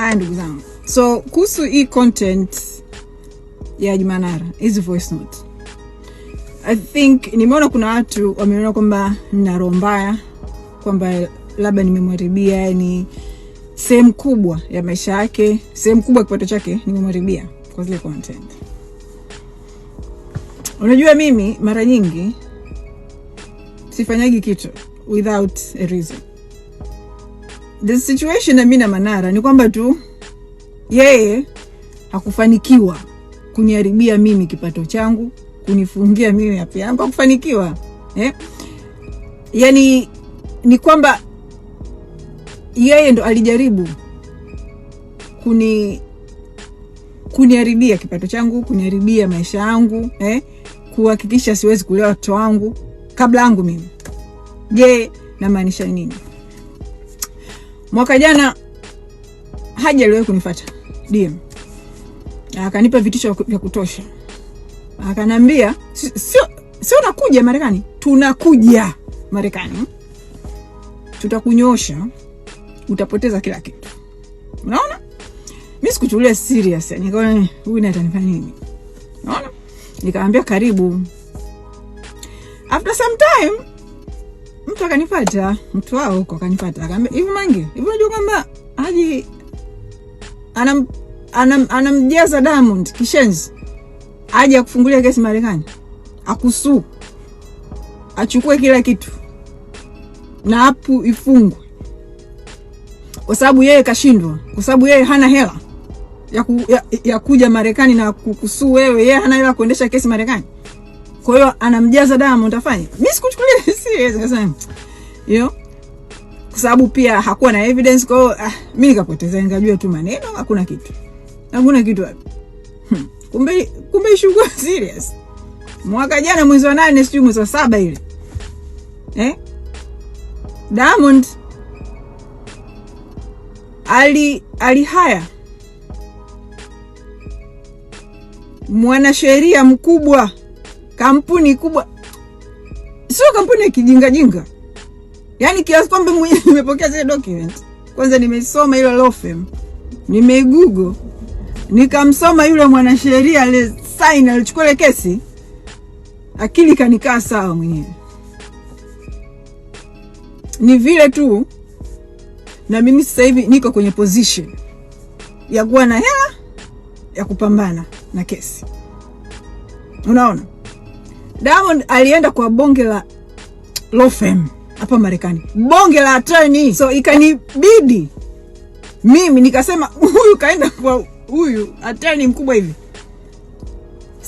Haya ndugu zangu, so kuhusu hii content ya Jumanara, hizi voice note, I think nimeona kuna watu wameona kwamba nina roho mbaya, kwamba labda nimemwharibia yani sehemu kubwa ya maisha yake, sehemu kubwa ya kipato chake nimemwharibia kwa zile content. Unajua, mimi mara nyingi sifanyagi kitu without a reason the situation na Manara ni kwamba tu yeye hakufanikiwa kuniharibia mimi kipato changu, kunifungia mimi afya yangu, hakufanikiwa eh? Yani ni kwamba yeye ndo alijaribu kuni kuniharibia kipato changu, kuniharibia maisha yangu eh? kuhakikisha siwezi kulea watoto wangu kabla yangu mimi. Je, namaanisha nini? Mwaka jana Haji aliwahi kunifuata DM akanipa vitisho vya kutosha, akanambia sio sio, nakuja Marekani, tunakuja Marekani, tutakunyosha, utapoteza kila kitu. Unaona, mi sikuchukulia serious, nikaona eh, huyu naye atanifanya nini? Unaona, nikamwambia karibu. After some time mtu akanipata, mtu wao huko akanipata, akaambia hivi, Mange, hivi unajua kwamba Haji anam, anam, anamjaza Diamond kishenzi aje akufungulia kesi Marekani, akusuu, achukue kila kitu na hapo ifungwe, kwa sababu yeye kashindwa, kwa sababu yeye hana hela ya, ku, ya, ya kuja Marekani na kukusuu wewe. Yeye hana hela kuendesha kesi Marekani. Kwa hiyo anamjaza damu, afanye. Mimi sikuchukulia serious kasema. Hiyo kwa sababu pia hakuwa na evidence kwa hiyo ah, mimi nikapoteza nikajua tu maneno hakuna kitu. Hakuna kitu wapi. Hmm. Kumbe kumbe shughuli serious. Mwaka jana mwezi wa nane sijui mwezi wa saba ile. Eh? Diamond ali alihaya mwanasheria mkubwa kampuni kubwa, sio kampuni ya kijingajinga, yaani kiasi kwamba mwenyewe nimepokea zile document. Kwanza nimesoma ile law firm, nimeigugo, nikamsoma yule mwanasheria ile sign alichukua ile kesi, akili kanikaa sawa mwenyewe. Ni vile tu na mimi sasa hivi niko kwenye position ya kuwa na hela ya kupambana na kesi, unaona. Diamond alienda kwa bonge la law firm hapa Marekani, bonge la attorney, so ikanibidi mimi nikasema, huyu kaenda kwa huyu attorney mkubwa hivi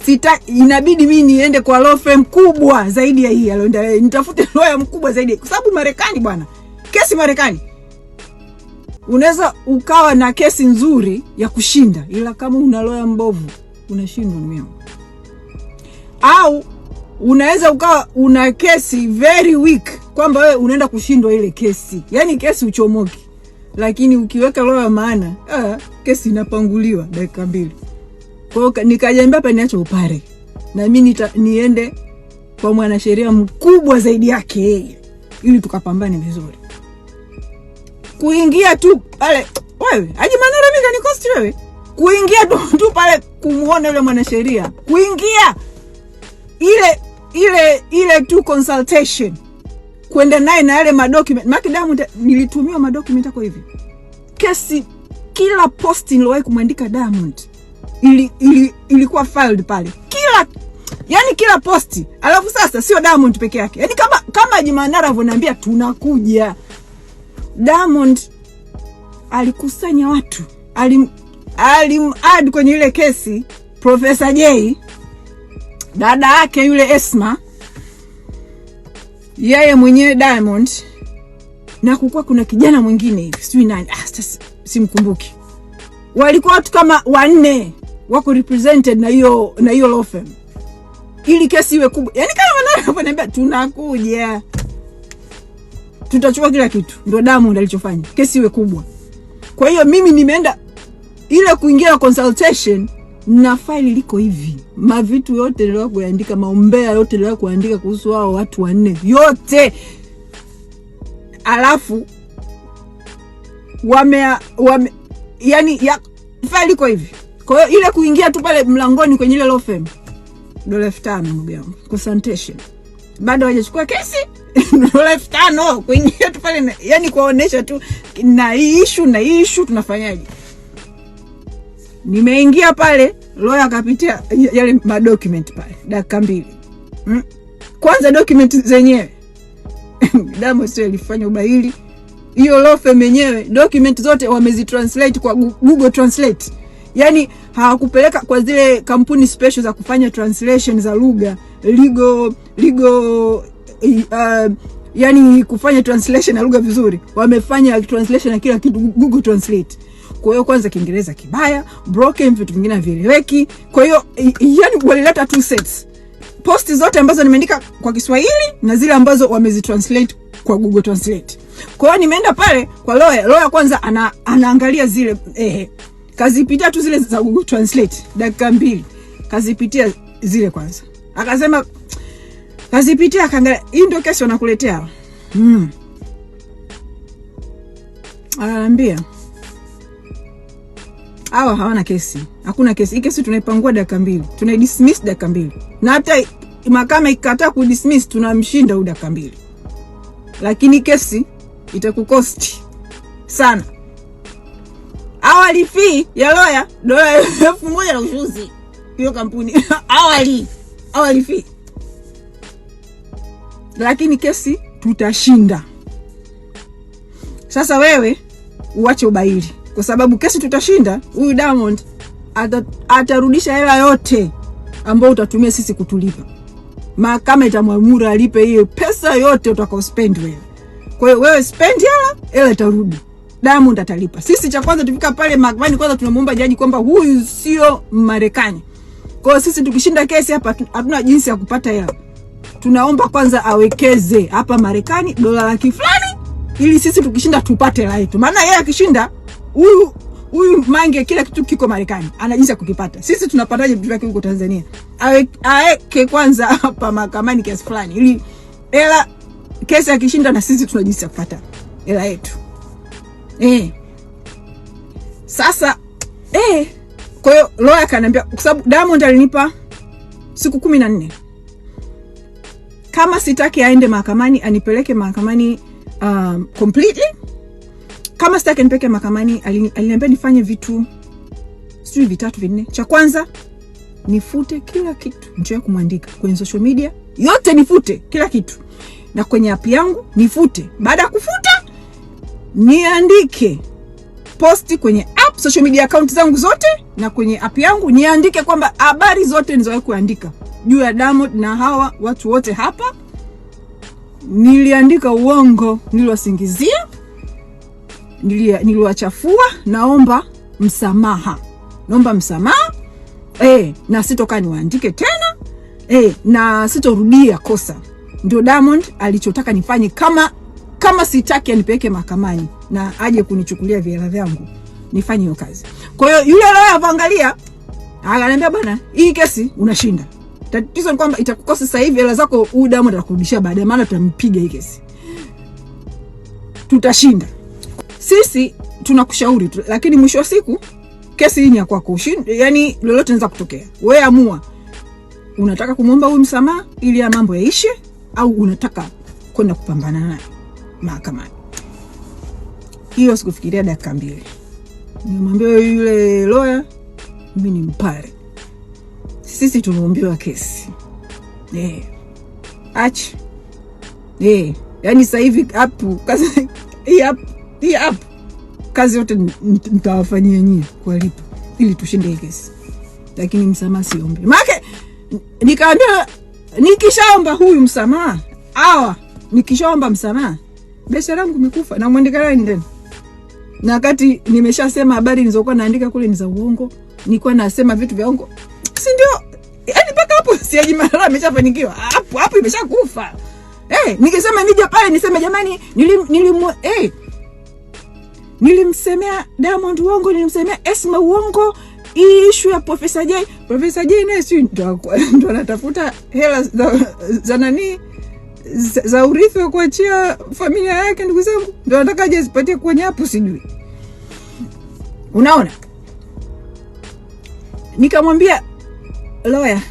Sita, inabidi mimi niende kwa law firm kubwa zaidi ya hii alioenda, nitafute lawyer mkubwa zaidi, kwa sababu Marekani bwana, kesi Marekani unaweza ukawa na kesi nzuri ya kushinda, ila kama una lawyer mbovu unashindwa. Mimi au unaweza ukawa una kesi very weak kwamba wewe unaenda kushindwa ile kesi, yaani kesi uchomoki, lakini ukiweka roho ya maana ah, kesi inapanguliwa dakika mbili. Kwa hiyo nikajiambia hapa niache upare na mimi niende kwa mwanasheria mkubwa zaidi yake yeye, ili tukapambane vizuri. Kuingia tu pale wewe Haji Manara, mimi kanikosti wewe, kuingia tu, tu pale kumuona yule mwanasheria, kuingia ile ile ile tu consultation kwenda naye na yale madocument, maki Diamond nilitumia madocument yako hivi. Kesi kila post niliwahi kumwandika Diamond ili, ili, ilikuwa filed pale kila yani kila posti. Alafu sasa sio Diamond peke yake, yani kama kama Jumanara anavyoniambia tunakuja, Diamond alikusanya watu alim alim add kwenye ile kesi Profesa Jay dada yake yule Esma, yeye mwenyewe Diamond, na kulikuwa kuna kijana mwingine hivi sijui nani, ah, simkumbuki. Walikuwa watu kama wanne wako represented na hiyo na hiyo law firm, ili kesi iwe kubwa. Yani kama wanavyoniambia tunakuja, tutachukua kila kitu, ndio Diamond alichofanya, kesi iwe kubwa. Kwa hiyo mimi nimeenda ile kuingia consultation na faili liko hivi, mavitu yote niliwa kuandika, maombea yote niliwa kuandika kuhusu hao watu wanne yote, alafu wame, wame yani ya, faili liko hivi. Kwa hiyo ile kuingia tu pale mlangoni kwenye ile law firm dola elfu tano ndugu yangu consultation, bado hawajachukua kesi dola elfu tano kuingia tu pale, yani kuwaonesha tu na hii ishu na hii ishu tunafanyaje Nimeingia pale Loya akapitia yale madocument pale dakika mbili hmm? Kwanza document zenyewe Damo sio ilifanya ubahili hiyo lofe mwenyewe, document zote wamezitranslate kwa Google Translate, yani hawakupeleka kwa zile kampuni special za kufanya translation za lugha ligo ligo uh, eh, eh, yani kufanya translation ya lugha vizuri, wamefanya translation ya kila kitu Google Translate. Kwa hiyo kwanza Kiingereza kibaya, broken, vitu vingine havieleweki. Kwa hiyo yani walileta two sets, posti zote ambazo nimeandika kwa Kiswahili na zile ambazo wamezitranslate kwa Google Translate. Kwa hiyo nimeenda pale kwa Loya, Loya kwanza ana, anaangalia zile eh, kazipitia tu zile za Google Translate dakika mbili, kazipitia zile kwanza, akasema kazipitia, akaangalia hii ndio kesi wanakuletea mm. Anaambia hawa hawana kesi, hakuna kesi. Hii kesi tunaipangua dakika mbili, tunaidismiss dakika mbili, na hata mahakama ikikataa kudismiss tunamshinda huu dakika mbili, lakini kesi itakukosti sana. Awali fee ya loya dola elfu moja na ushuzi hiyo kampuni awali awali fee, lakini kesi tutashinda. Sasa wewe uwache ubaili kwa sababu kesi tutashinda, huyu Diamond atarudisha hela yote ambayo utatumia sisi kutulipa. Mahakama itamwamuru alipe hiyo pesa yote utakao spend wewe. Kwa hiyo wewe spend hela, hela itarudi. Diamond atalipa. Sisi cha kwanza tufika pale mahakamani, kwanza tunamuomba jaji kwamba huyu sio Marekani. Kwa hiyo sisi tukishinda kesi hapa hatuna jinsi ya kupata hela. Tunaomba kwanza awekeze hapa Marekani dola laki fulani ili sisi tukishinda tupate hela yetu. Maana yeye akishinda huyu huyu Mange kila kitu kiko Marekani, ana jinsi ya kukipata. Sisi tunapataje vitu vyake huko Tanzania? Aweke kwanza hapa mahakamani kiasi fulani, ili hela kesi akishinda, na sisi tuna jinsi ya kupata hela yetu eh. Sasa eh, kwa hiyo lawyer kaniambia, kwa sababu Diamond alinipa siku kumi na nne kama sitaki aende mahakamani, anipeleke mahakamani um, completely kama sitaki nipeke mahakamani, aliniambia nifanye vitu sijui vitatu vinne. Cha kwanza nifute kila kitu nilichowahi kumwandika kwenye social media yote, nifute kila kitu, na kwenye app yangu nifute. Baada ya kufuta, niandike posti kwenye app, social media account zangu zote, na kwenye app yangu niandike kwamba habari zote nilizowahi kuandika juu ya Diamond na hawa watu wote hapa, niliandika uongo, niliwasingizia niliwachafua, naomba msamaha, naomba msamaha e, na sitoka niwaandike tena e, na sitorudia kosa. Ndio Diamond alichotaka nifanye, kama kama sitaki anipeleke mahakamani na aje kunichukulia vihela vyangu, nifanye hiyo kazi. Kwa hiyo yule lawyer avoangalia akaniambia bwana, hii kesi unashinda tatizo ni kwamba itakukosa sasa hivi hela zako, huyu Diamond atakurudishia baadaye, maana tutampiga hii kesi, tutashinda sisi tunakushauri tu, lakini mwisho wa siku kesi hii ni ya kwako. Yani lolote naweza kutokea, we amua, unataka kumwomba huyu msamaha ili ya mambo yaishe, au unataka kwenda kupambana naye mahakamani. Hiyo sikufikiria dakika mbili, nimwambia yule loya mimi ni Mpare, sisi tunaombiwa kesi yeah. ach yeah. Yani sahivi hapu hii hapu hii hapo kazi yote mtawafanyia nyie kuwalipa ili tushinde hii kesi, lakini msamaha siombe. Maake nikaambia nikishaomba huyu msamaha awa, nikishaomba msamaha biashara yangu mikufa, na mwandikalaini tena, na wakati nimeshasema habari nilizokuwa naandika kule ni za uongo, nilikuwa nasema vitu vya uongo, si ndio? Yani mpaka hapo siajimalala ameshafanikiwa hapo hapo, imeshakufa. Hey, eh, nikisema nija pale niseme jamani, nilim, nilim, hey, eh, nilimsemea Diamond uongo, nilimsemea Esma uongo, hii ishu ya Profesa Jay. Profesa Jay naye si ndo anatafuta hela za, za nani za, za urithi wa kuachia familia yake. Ndugu zangu, ndo anataka je zipatie kwenye hapo, sijui unaona. Nikamwambia loya,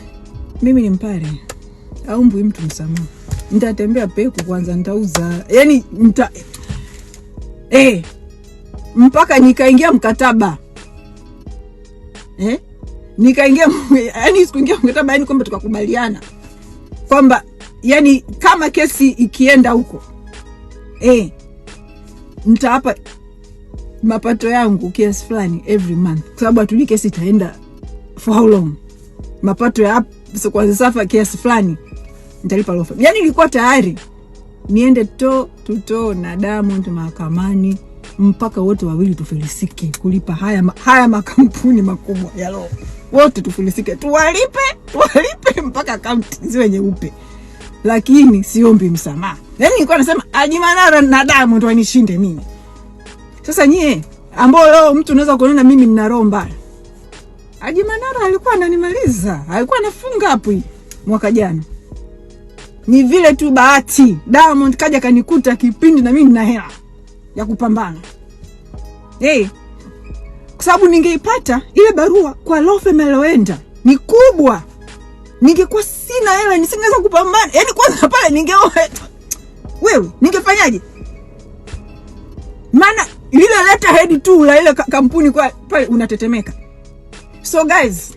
mimi ni mpare au mtu msamaha, ntatembea peku kwanza, ntauza yani nta eh mpaka nikaingia mkataba eh? Nikaingia yani, sikuingia mkataba yani kwamba tukakubaliana kwamba yani kama kesi ikienda huko eh, nitawapa mapato yangu kiasi fulani every month, kwa sababu hatujui kesi itaenda for how long. Mapato ya so kwa safa kiasi fulani nitalipa lofa. Yani nilikuwa tayari niende to tuto na Diamond mahakamani mpaka wote wawili tufilisike kulipa haya, haya makampuni makubwa ya roho. Wote tufilisike, tuwalipe, tuwalipe mpaka akaunti ziwe nyeupe, lakini siombi msamaha. Yani nilikuwa nasema Haji Manara na damu ndo anishinde mimi. Sasa nyie ambao leo mtu unaweza kuonana mimi nina roho mbaya, Haji Manara alikuwa ananimaliza, alikuwa anafunga hapo mwaka jana ni vile tu bahati Diamond kaja kanikuta kipindi na mimi nina hela ya kupambana hey, kwa sababu ningeipata ile barua kwa lofe meloenda ni kubwa, ningekuwa sina hela, nisingeweza kupambana. Yaani kwanza pale ningeoa wewe, ningefanyaje? Maana lile letterhead tu la ile kampuni kwa pale unatetemeka. So guys,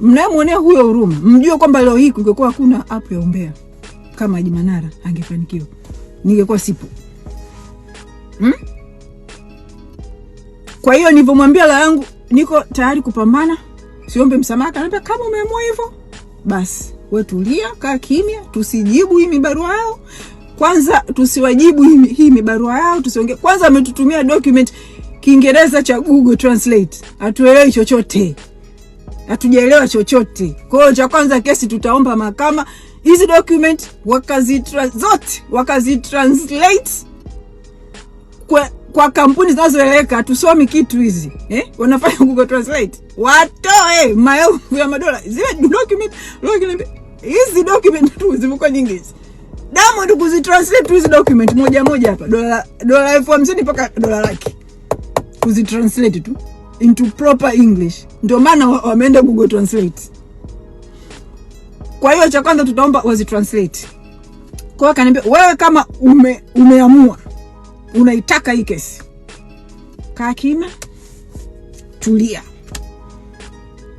mnayemwonea huyo huruma, mjue kwamba leo hii kungekuwa hakuna app ya umbea kama Haji Manara angefanikiwa, ningekuwa sipo hmm? Kwa hiyo nilivyomwambia la yangu, niko tayari kupambana, siombe msamaha. Kaniambia kama umeamua hivyo basi we tulia, kaa kimya, tusijibu hii mibarua yao kwanza, tusiwajibu hii mibarua yao, tusiongee kwanza. Ametutumia document Kiingereza cha Google Translate, hatuelewi chochote, hatujaelewa chochote. Kwa hiyo cha kwanza kesi tutaomba mahakama hizi document wakazi zote wakazitranslate kwa, kwa kampuni zinazoeleka tusomi kitu hizi eh? Wanafanya Google Translate watoe eh, maelfu ya madola zile document hizi document tu zimekuwa nyingi hizi Diamond kuzitranslate hizi document moja moja hapa dola dola elfu hamsini mpaka dola laki kuzitranslate tu into proper English, ndio maana wameenda Google Translate. Kwa hiyo cha kwanza tutaomba wazitranslate. Kwa hiyo akaniambia wewe, kama ume, umeamua unaitaka hii kesi. Kaa kimya, tulia,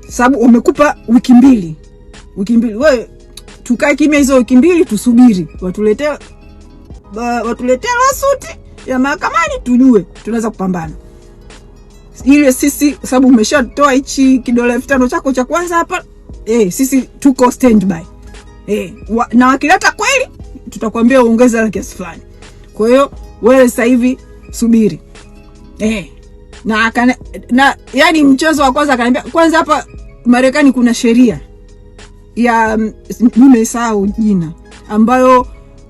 sababu wamekupa wiki mbili. Wiki mbili wewe, tukae kimya hizo wiki mbili, tusubiri watuletee watuletee lawsuit ya mahakamani, tujue tunaweza kupambana ile sisi, sababu umeshatoa hichi kidola elfu tano chako cha kwanza hapa eh, sisi tuko standby eh, wa, na wakileta kweli tutakwambia uongeze kiasi fulani, kwa hiyo wewe sasa hivi subiri eh. Na, akana, na yani mchezo wa kwanza akaniambia kwanza, hapa Marekani kuna sheria ya mm, nimesahau jina ambayo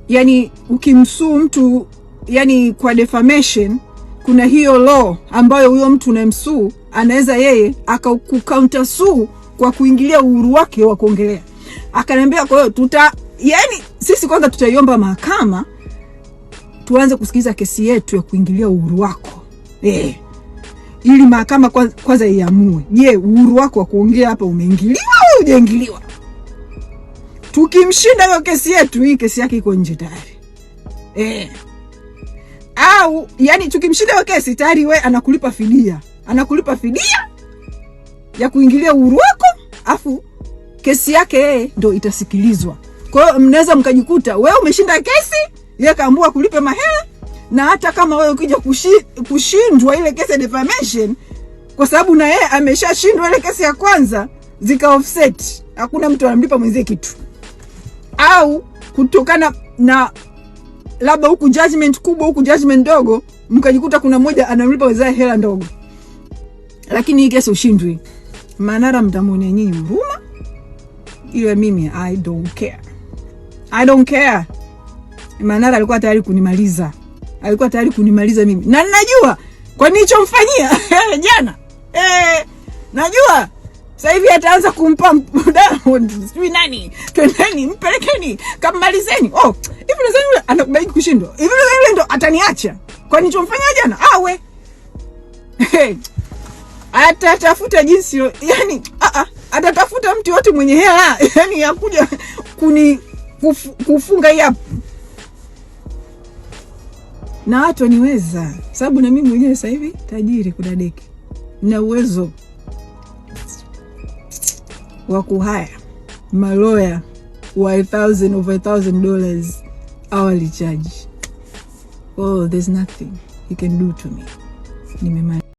yani ukimsuu mtu yani kwa defamation kuna hiyo law ambayo huyo mtu unayemsuu anaweza yeye akakukounter suu kwa kuingilia uhuru wake wa kuongelea. Akaniambia kwa hiyo tuta yani sisi kwanza tutaiomba mahakama tuanze kusikiliza kesi yetu ya kuingilia uhuru wako eh, ili mahakama kwanza iamue, je, uhuru wako wa kuongea hapa umeingiliwa au hujaingiliwa? Tukimshinda hiyo kesi yetu, hii kesi yake iko nje tayari eh. Au yani tukimshinda hiyo kesi tayari, we anakulipa fidia, anakulipa fidia ya kuingilia uhuru wako, afu kesi yake yeye eh, ndo itasikilizwa. Kwa hiyo mnaweza mkajikuta wewe umeshinda kesi yeye kaambiwa kulipe mahela, na hata kama wewe ukija kushindwa ile kesi ya defamation, kwa sababu na yeye ameshashindwa ile kesi ya kwanza, zika offset, hakuna mtu anamlipa mwenzie kitu, au kutokana na labda huku judgment kubwa huku judgment ndogo, mkajikuta kuna mmoja anamlipa wenzake hela ndogo. Lakini hii kesi ushindwi, Manara mtamwonea nyinyi huruma, ile mimi I don't care. I don't care. Manara alikuwa tayari kunimaliza, alikuwa tayari kunimaliza mimi, na ninajua kwa nilichomfanyia jana eh, najua sasa hivi ataanza kumpa sijui nani, twendeni mpelekeni, kammalizeni. Oh, hivi nadhani anakubaliki kushindwa hivi, yule ndo ataniacha kwa nilichomfanyia jana? Awe atatafuta jinsi yo, yani, a a atatafuta mtu yote mwenye hela yani ya kuja kuni kufunga hapo na watu waniweza, sababu na mimi mwenyewe sasa hivi tajiri deki na uwezo wa kuhaya maloya wa a thousand over a thousand dollars hourly charge. Oh, there's nothing you can do to me. Nimemaliza.